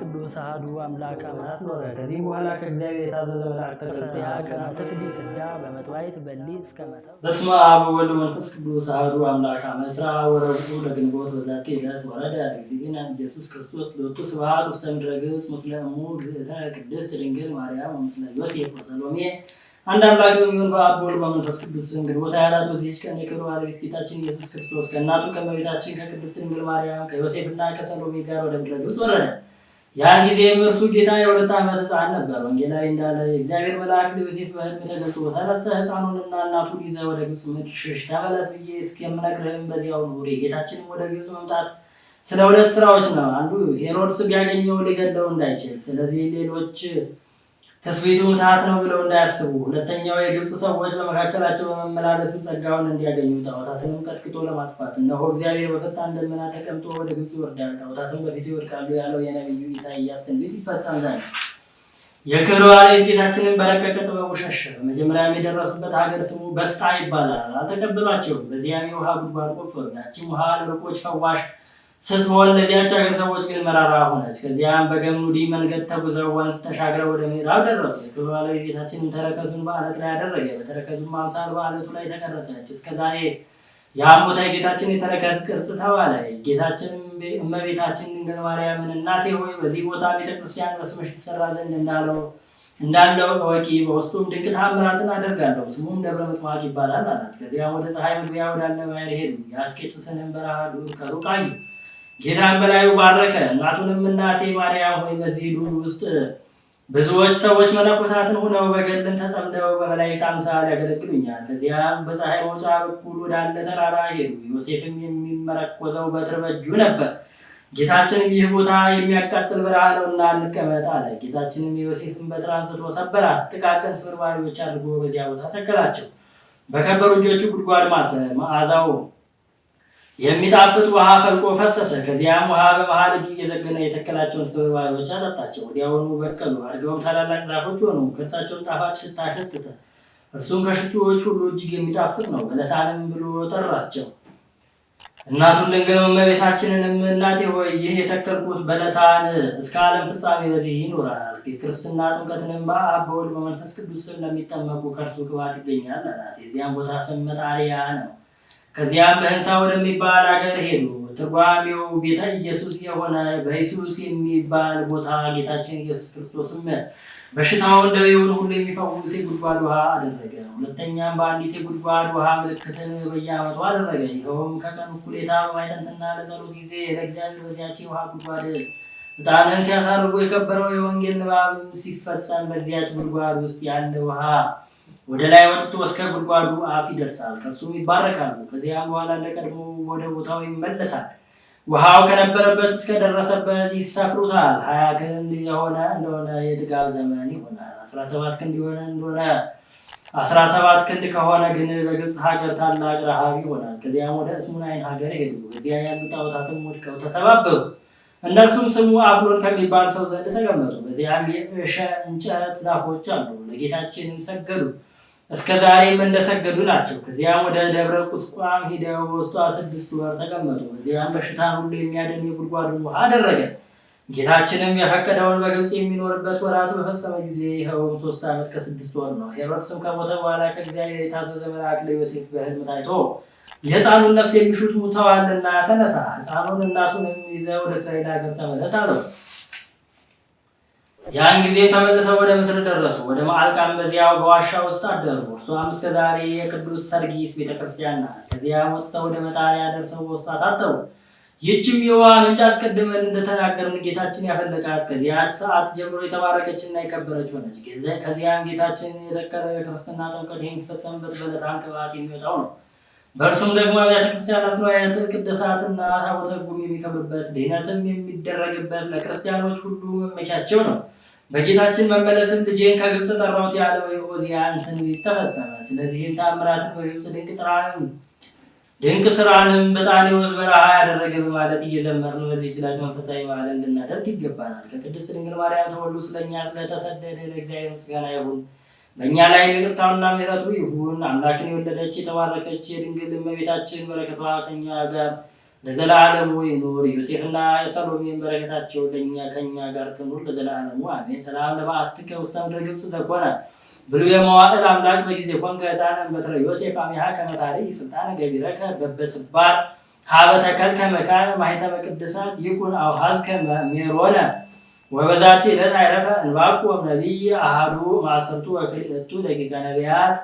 ቅዱስ አህዱ አምላክ አማት ኖረ። ከዚህ በኋላ ከእግዚአብሔር የታዘዘ መልአክ ተቀርጽያ ከናተ ፍዲት ዳ በመጥዋይት በሊ እስከ መታ በስመ አብ ወወልድ ወመንፈስ ቅዱስ አህዱ አምላክ አመስራ ወረዱ ለግንቦት በዛቲ ዕለት ወረደ እግዚእነ ኢየሱስ ክርስቶስ ሎቱ ስብሐት ውስተ ምድረ ግብጽ ምስለ እሙ እግዝእተ ቅድስት ድንግል ማርያም ወምስለ ዮሴፍ ወሰሎሜ አንድ አምላክ በሚሆን በአብ ወልድ በመንፈስ ቅዱስ ስም ግንቦት ሃያ አራት በዚህች ቀን የክብር ባለቤት ጌታችን ኢየሱስ ክርስቶስ ከእናቱ ከእመቤታችን ከቅድስት ድንግል ማርያም ከዮሴፍና ከሰሎሜ ጋር ወደ ምድረ ግብጽ ወረደ። ያን ጊዜም እርሱ ጌታ የሁለት ዓመት ሕፃን ነበር። ወንጌላዊ እንዳለ የእግዚአብሔር መልአክ ለዮሴፍ በሕልም ተገልጦ ተነስተህ ሕፃኑንና እናቱን ይዘህ ወደ ግብፅ ምድር ሽሽ ተመለስ ብዬ እስከምነግርህም በዚያው ኑር። ጌታችንም ወደ ግብፅ መምጣት ስለ ሁለት ስራዎች ነው። አንዱ ሄሮድስ ቢያገኘው ሊገለው እንዳይችል፣ ስለዚህ ሌሎች ትስቢቱ ምትሃት ነው ብለው እንዳያስቡ። ሁለተኛው የግብፅ ሰዎች ለመካከላቸው በመመላለስ ጸጋውን እንዲያገኙ ጣዖታትንም ቀጥቅጦ ለማጥፋት እነሆ እግዚአብሔር በፈጣን ደመና ተቀምጦ ወደ ግብፅ ይወርዳል፣ ጣዖታትም በፊቱ ይወድቃሉ ያለው የነቢዩ ኢሳይያስ ትንቢት ይፈጸም ዘንድ የክብር ባለቤት ጌታችንን በረቀቀ ጥበቡ ሸሸ። በመጀመሪያም የደረሱበት ሀገር ስሙ በስጣ ይባላል። አልተቀበሏቸውም። በዚያም የውሃ ጉድጓድ ቆፈሩ። ያችም ውሃ ለርቆች ፈዋሽ ስትሆን ለዚያች አገር ሰዎች ግን መራራ ሆነች። ከዚያም በገሙዲ መንገድ ተጉዘው ወንዝ ተሻግረው ወደ ምዕራብ ደረሱ። ክብር ባለቤታችንም ተረከዙን በአለት ላይ አደረገ፣ በተረከዙም አምሳል በአለቱ ላይ ተቀረሰች እስከዛሬ ያም ቦታ የጌታችን የተረከዝ ቅርጽ ተባለ። ጌታችን እመቤታችን ድንግል ማርያምን እናቴ ሆይ በዚህ ቦታ ቤተክርስቲያን በስምሽ ትሰራ ዘንድ እንዳለው እንዳለው እወቂ፣ በውስጡም ድንቅ ታምራትን አደርጋለሁ፣ ስሙም ደብረ ምጥማቅ ይባላል አላት። ከዚያም ወደ ፀሐይ መግቢያ ወዳለ ባሕር ሄዱ። የአስቄጥስንም በረሃ ከሩቅ አዩ። ጌታን በላዩ ባረከ። እናቱንም እናቴ ማርያም ሆይ በዚህ ዱር ውስጥ ብዙዎች ሰዎች መነኮሳትን ሆነው በገድልን ተጸምደው በመላእክት አምሳል ያገለግሉኛል። ከዚያም በፀሐይ መውጫ በኩል ወዳለ ተራራ ሄዱ። ዮሴፍም የሚመረኮዘው በትር በእጁ ነበር። ጌታችንም ይህ ቦታ የሚያቃጥል በረሃ ነውና እንቀመጥ አለ። ጌታችንም የዮሴፍን በትር አንስቶ ሰበራት፣ ጥቃቅን ስብርባሪዎች አድርጎ በዚያ ቦታ ተከላቸው። በከበሩ እጆቹ ጉድጓድ ማሰ መዓዛው የሚጣፍጥ ውሃ ፈልቆ ፈሰሰ። ከዚያም ውሃ በባህል እጁ እየዘገነ የተከላቸውን ስብባዮች አጠጣቸው። ወዲያውኑ በቀሉ፣ አድገውም ታላላቅ ዛፎች ሆኑ። ከእርሳቸውን ጣፋጭ ሽታ ሸተተ። እርሱም ሁሉ እጅግ የሚጣፍጥ ነው። በለሳንም ብሎ ጠራቸው። እናቱን ድንግል እመቤታችንንም እናቴ ሆይ ይህ የተከልኩት በለሳን እስከ ዓለም ፍጻሜ በዚህ ይኖራል። የክርስትና ጥምቀትንም በአብ በወልድ በመንፈስ ቅዱስ ስም ለሚጠመቁ ከእርሱ ቅባት ይገኛል አላት። የዚያም ቦታ ስም መጣሪያ ነው። ከዚያም በህንሳ ወደሚባል አገር ሄዱ። ትርጓሜው ጌታ ኢየሱስ የሆነ በኢየሱስ የሚባል ቦታ ጌታችን ኢየሱስ ክርስቶስም በሽታውን ደዌውን ሁሉ የሚፈውስ የጉድጓድ ውሃ አደረገ። ሁለተኛም በአንዲት የጉድጓድ ውሃ ምልክትን በየዓመቱ አደረገ። ይኸውም ከቀን እኩሌታ በማይጠንትና ለጸሎት ጊዜ ለእግዚአብሔር በዚያች ውሃ ጉድጓድ ዕጣንን ሲያሳርጉ የከበረው የወንጌል ንባብ ሲፈጸም በዚያች ጉድጓድ ውስጥ ያለ ውሃ ወደ ላይ ወጥቶ እስከ ጉድጓዱ አፍ ይደርሳል። ከሱ ይባረካሉ። ከዚያም በኋላ ለቀድሞ ወደ ቦታው ይመለሳል። ውሃው ከነበረበት እስከደረሰበት ይሰፍሩታል። ሀያ ክንድ የሆነ እንደሆነ የጥጋብ ዘመን ይሆናል። አስራ ሰባት ክንድ የሆነ እንደሆነ አስራ ሰባት ክንድ ከሆነ ግን በግብፅ ሀገር ታላቅ ረሃብ ይሆናል። ከዚያም ወደ እስሙናይን ሀገር ይሄዱ እዚያ ያሉ ጣዖታትም ወድቀው ተሰባበሩ። እነርሱም ስሙ አፍሎን ከሚባል ሰው ዘንድ ተቀመጡ። በዚያም የእሸ እንጨት ዛፎች አሉ። ለጌታችንም ሰገዱ። እስከ ዛሬም እንደሰገዱ ናቸው። ከዚያም ወደ ደብረ ቁስቋም ሂደው በውስጧ ስድስት ወር ተቀመጡ። እዚያም በሽታ ሁሉ የሚያድን የጉድጓዱ ውሃ አደረገ። ጌታችንም የፈቀደውን በግብፅ የሚኖርበት ወራት በፈጸመ ጊዜ ይኸውም ሶስት ዓመት ከስድስት ወር ነው። ሄሮድስም ከሞተ በኋላ ከእግዚአብሔር የታዘዘ መልአክ ለዮሴፍ በሕልም ታይቶ የሕፃኑን ነፍስ የሚሹት ሙተዋልና፣ ተነሳ ሕፃኑን እናቱንም ይዘ ወደ እስራኤል ሀገር ተመለስ አለው። ያን ጊዜም ተመልሰው ወደ ምስር ደረሱ። ወደ መዓልቃም በዚያ በዋሻ ውስጥ አደሩ። እርሷም እስከ ዛሬ የቅዱስ ሰርጊስ ቤተክርስቲያን ናት። ከዚያ ወጥተው ወደ መጣሪያ ደርሰው በውስጥ ታጠቡ። ይህችም የውሃ ምንጭ አስቀድመን እንደተናገርን ጌታችን ያፈለቃት ከዚያች ሰዓት ጀምሮ የተባረከችና የከበረች ሆነች። ከዚያም ጌታችን የተከለው የክርስትና ጥምቀት የሚፈጸምበት በለሳን ቅባት የሚወጣው ነው። በእርሱም ደግሞ አብያተ ክርስቲያናት ንዋያተ ቅድሳትና ታቦተ ሕጉም የሚከብርበት ድህነትም የሚደረግበት ለክርስቲያኖች ሁሉ መመቻቸው ነው። በጌታችን መመለስም ልጄን ከግብፅ ጠራሁት ያለው የዖዝያን ትንቢት ተፈጸመ። ስለዚህም ተአምራትን በግብፅ ድንቅ ጥራን ድንቅ ስራንም በጣኔዎስ በረሃ ያደረገ በማለት እየዘመርን በዚህ ችላጅ መንፈሳዊ በዓል እንድናደርግ ይገባናል። ከቅድስት ድንግል ማርያም ተወልዶ ስለእኛ ስለተሰደደ ለእግዚአብሔር ምስጋና ይሁን። በእኛ ላይ ይቅርታውና ምሕረቱ ይሁን። አምላክን የወለደች የተባረከች የድንግል እመቤታችን በረከቷ ከኛ ጋር ለዘላለሙ ይኑር። ዮሴፍና ሰሎሜን በረከታቸው ለእኛ ከእኛ ጋር ትኑር ለዘላለሙ አሜን። ሰላም ለበዓትከ ውስተ ምድረ ገጽ ዘኮነ ብሉየ መዋዕል አምላክ በጊዜ ኮንከ ህፃንን በትረ ዮሴፍ አሚሃ ከመታሪ ስልጣነ ገቢረከ በበስባር ሀበ ተከልከ መካነ ማኅተመ ቅድሳት ይኩን አውሃዝከ ሜሮነ ወበዛቲ ዕለት አይረፈ እንባኩ ወእምነቢይ አሐዱ ማዕሰርቱ ወክልኤቱ ደቂቀ ነቢያት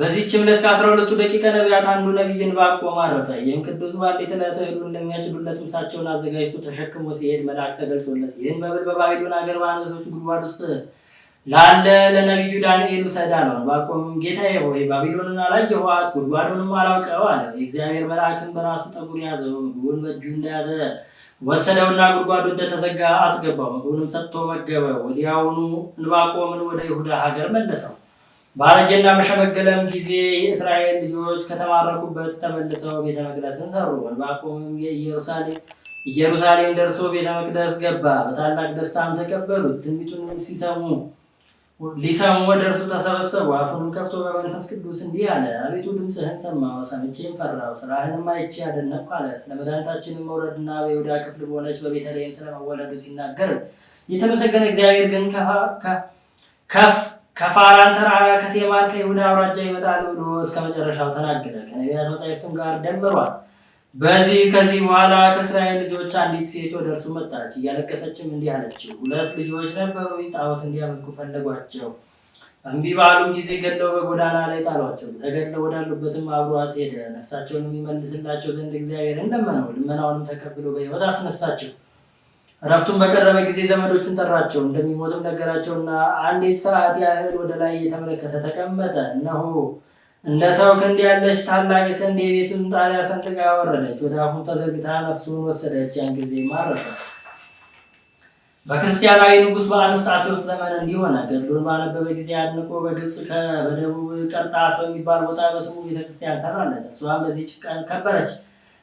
በዚህች ዕለት ከአስራ ሁለቱ ደቂቀ ነቢያት አንዱ ነቢይን ዕንባቆም ማረፈ። ይህም ቅዱስ ባልቴት ዕለተ እህሉን ለሚያጭዱለት ምሳቸውን አዘጋጅቶ ተሸክሞ ሲሄድ መልአክ ተገልጾለት ይህን መብል በባቢሎን አገር በአንበሶች ጉድጓድ ውስጥ ላለ ለነቢዩ ዳንኤል ውሰድ ነው። ዕንባቆምም ጌታዬ ሆይ ባቢሎንን አላየኋት ጉድጓዱንም አላውቀው አለ። የእግዚአብሔር መልአክን በራሱ ጠጉር ያዘው፣ ምግቡን በእጁ እንደያዘ ወሰደውና ጉድጓዱ እንደተዘጋ አስገባው። ምግቡንም ሰጥቶ መገበ። ወዲያውኑ ዕንባቆምን ወደ ይሁዳ ሀገር መለሰው። ባረጀና በሸመገለም ጊዜ የእስራኤል ልጆች ከተማረኩበት ተመልሰው ቤተ መቅደስን ሰሩ። ዕንባቆም ኢየሩሳሌም ደርሶ ቤተ መቅደስ ገባ። በታላቅ ደስታም ተቀበሉት። ትንቢቱን ሲሰሙ ሊሰሙ ወደ እርሱ ተሰበሰቡ። አፉንም ከፍቶ በመንፈስ ቅዱስ እንዲህ አለ። አቤቱ ድምፅህን ሰማሁ፣ ሰምቼም ፈራሁ፣ ስራህንም አይቼ አደነቅሁ አለ። ስለ መድኃኒታችንም መውረድና በይሁዳ ክፍል በሆነች በቤተልሔም ስለመወለዱ ሲናገር የተመሰገነ እግዚአብሔር ግን ከፍ ከፋራን ተራራ ከቴማን ከይሁዳ አውራጃ ይመጣሉ ብሎ እስከ መጨረሻው ተናገረ። ከነቢያት መጻሕፍቱም ጋር ደምሯል። በዚህ ከዚህ በኋላ ከእስራኤል ልጆች አንዲት ሴት ወደ እርሱ መጣች፣ እያለቀሰችም እንዲህ አለችው፣ ሁለት ልጆች ነበሩ፣ ጣዖት እንዲያመልኩ ፈለጓቸው። እምቢ ባሉም ጊዜ ገድለው በጎዳና ላይ ጣሏቸው። ተገድለው ወዳሉበትም አብሯት ሄደ። ነፍሳቸውን የሚመልስላቸው ዘንድ እግዚአብሔር እንደመነው፣ ልመናውንም ተቀብሎ በሕይወት አስነሳቸው። እረፍቱን በቀረበ ጊዜ ዘመዶቹን ጠራቸው፣ እንደሚሞትም ነገራቸውና አንዲት ሰዓት ያህል ወደ ላይ እየተመለከተ ተቀመጠ። እነሆ እንደ ሰው ክንድ ያለች ታላቅ ክንድ የቤቱን ጣሪያ ሰንጥቃ አወረደች፣ ወደ አፉን ተዘርግታ ነፍሱን ወሰደች። ያን ጊዜ ማረፈ። በክርስቲያናዊ ንጉሥ በአንስጣሴዎስ ዘመን እንዲሆነ ገድሉን ባነበበ ጊዜ አድንቆ በግብፅ በደቡብ ቀርጣስ በሚባል ቦታ በስሙ ቤተክርስቲያን ሰራለት። እርሷን በዚህ ቀን ከበረች።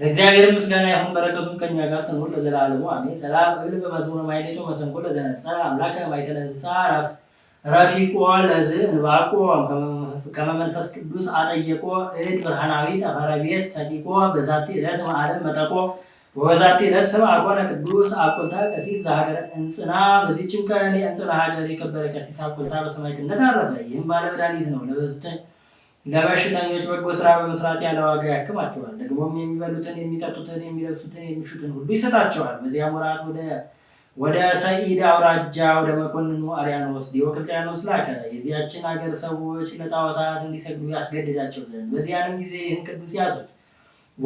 ለእግዚአብሔር ምስጋና ይሁን፣ በረከቱም ከኛ ጋር ትኑር ለዘላለሙ አሜን። ሰላም እብል በመዝሙር ማይሌቶ መሰንቆ ለዘነሳ አምላከ ማይተነ እንስሳ ራፍ ረፊቆ ለዝ እንባቆ ከመመንፈስ ቅዱስ አጠየቆ እድ ብርሃናዊ ተፈረቤት ሰዲቆ በዛቲ ዕለት መዓለም መጠቆ ወበዛቲ ዕለት ሰብ አቆነ ቅዱስ አቆልታ ቀሲስ ዘሀገረ እንጽና። በዚችም ቀን የእንጽና ሀገር የከበረ ቀሲስ አቆልታ በሰማዕትነት አረፈ። ይህም ባለመድኃኒት ነው። ለበዝተኝ ለበሽተኞች በጎ ስራ በመስራት ያለ ዋጋ ያክማቸዋል። ደግሞም የሚበሉትን፣ የሚጠጡትን፣ የሚለብሱትን፣ የሚሹትን ሁሉ ይሰጣቸዋል። በዚያም ወራት ወደ ወደ ሰኢድ አውራጃ ወደ መኮንኑ አርያኖስ ዲዮቅልጥያኖስ ላከ። የዚያችን ሀገር ሰዎች ለጣዖታት እንዲሰግዱ ያስገድዳቸው ዘንድ። በዚያንም ጊዜ ይህን ቅዱስ ያዙት፣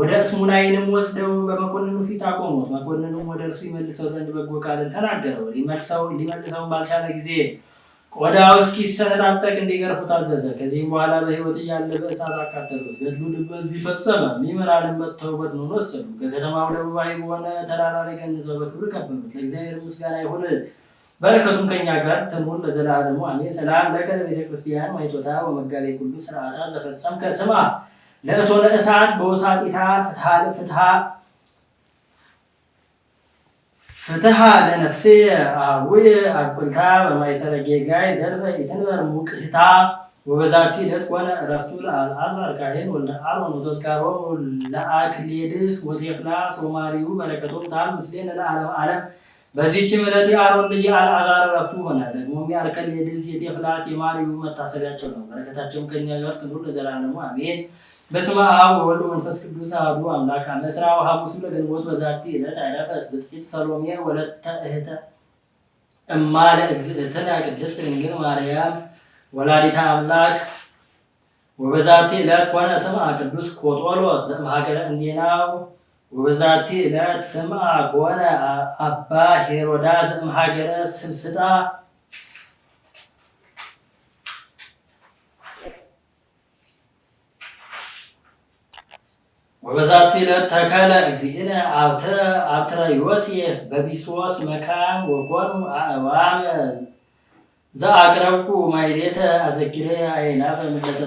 ወደ እስሙናይንም ወስደው በመኮንኑ ፊት አቆሙት። መኮንኑም ወደ እርሱ ይመልሰው ዘንድ በጎ ቃልን ተናገረው። ሊመልሰው ባልቻለ ጊዜ ቆዳው እስኪሰነጣጠቅ እንዲገርፉ ታዘዘ። ከዚህም በኋላ በሕይወት እያለ በእሳት አቃጠሉት። ገድሉን በዚህ ፈጸመ። ምዕመናንም መጥተው በድኑ ወሰዱ። ከከተማው ደቡባዊ በሆነ ተራራ ላይ ገንዘው በክብር ቀበሉት። ለእግዚአብሔር ምስጋና ይሁን፣ በረከቱም ከኛ ጋር ትኑር ለዘላለሙ አሜን። ሰላም ለከለ ለቤተ ክርስቲያን ማይቶታ ወመጋቤ ኩሉ ስርዓታ ዘፈጸምከ ከስማ ለእቶነ እሳት በውሳጢታ ፍትሃ ፍትሃ ለነፍሴ አውየ አቁልታ በማይሰረጌ ጋይ ዘርፈ ኢትንበር ሙቅህታ ወበዛቲ ዕለት ኮነ እረፍቱ ለአልዓዛር ካህን ወልደ አሮን ወተስካሮ ለአክሌድስ ወቴፍላ ሶማሪው በረከቶም ታል ምስሌን ለዓለም ዓለም። በዚህችም ዕለት የአሮን ልጅ አልዓዛር እረፍቱ ሆነ። ደግሞም የአልከሌድስ የቴፍላ ሴማሪው መታሰቢያቸው ነው። በረከታቸውም ከኛ ጋር ትኑር ለዘላለሙ አሜን። በስመ አብ ወወልድ ወመንፈስ ቅዱስ አሐዱ አምላክ አመ እስራው ሐሙሱ ለግንቦት በዛቲ ዕለት ዐረፈት ብጽዕት ሰሎሜ ወለተ እህተ እማ ለእግዝእትነ ቅድስት ድንግል ማርያም ወላዲተ አምላክ ወበዛቲ ዕለት ኮነ ስምዐ ቅዱስ ኮጦሎ ዘእምሀገረ እንዴናው ወበዛቲ ዕለት ስምዐ ኮነ አባ ሄሮዳ ዘእምሀገረ ስልስጣ ወበዛቲ ዕለት ተከለ እግዚእነ አብትረ ዮሴፍ በቢሶስ መካን ወጎኑ አእዋም ዘአቅረብኩ ማይሌተ አዘኪሬ አይናፈ ምለተ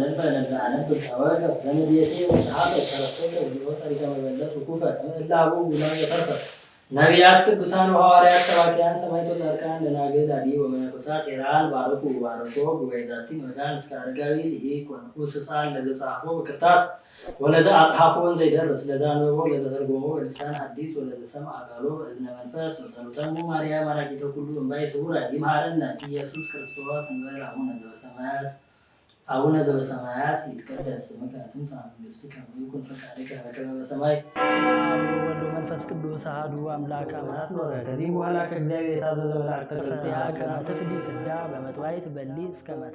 ዘንፈ ለብዓለም ብታወቅ ዘምዴቴ ወሰሐት ተረሰብ ሊወሰሪከ መበለት ኩፈ እላቡ ጉና የተርፈ ነቢያት፣ ቅዱሳን፣ ሐዋርያት፣ ሰባኪያን፣ ሰማዕታት፣ ጻድቃን፣ ደናግል፣ አዲ ወመነኮሳት ሄራን ባረኩ ባረኮ ጉባኤ ዛቲ መዳን እስከ አረጋዊ ይህ ኮንኩ ስሳን ለዘጻፎ በክርታስ ወለዛ አጽሐፎ ዘይደርስ ለዛ አንብቦ ለዘተርጎሞ በልሳን ሐዲስ ወለዘሰምዐ አጋሎ በእዝነ መንፈስ ወጸሎተሙ ማርያም አራኪተ ሁሉ እንባይ ስውራ ይምሃረነ ኢየሱስ ክርስቶስ እንበር አቡነ ዘበሰማያት አቡነ ዘበሰማያት ይትቀደስ ስምከ ትምጻእ መንግሥትከ ወይኩን ፈቃድከ በከመ በሰማይ ወወልድ ቅዱስ አሐዱ አምላክ አማት ኖረ ከዚህ በኋላ ከእግዚአብሔር የታዘዘ መልአክ ተገልጸ ከመ ትፍልይ ፍዳ በመጥዋዕት በሊ እስከ መታ